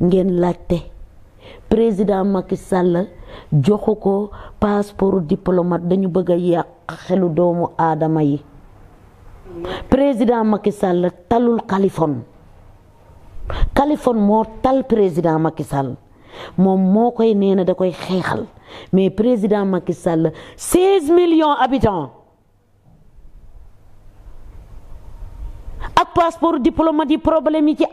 ngeen laajte président Macky Sall joxu ko passeport diplomate dañu bëgg yàq xelu doomu aadama yi président Macky Sall talul Californie Californie moo tal président Macky moom moo koy nee da koy xeexal mais président Macky Sall 16 millions habitants ak passeport diplomate yi problème yi ci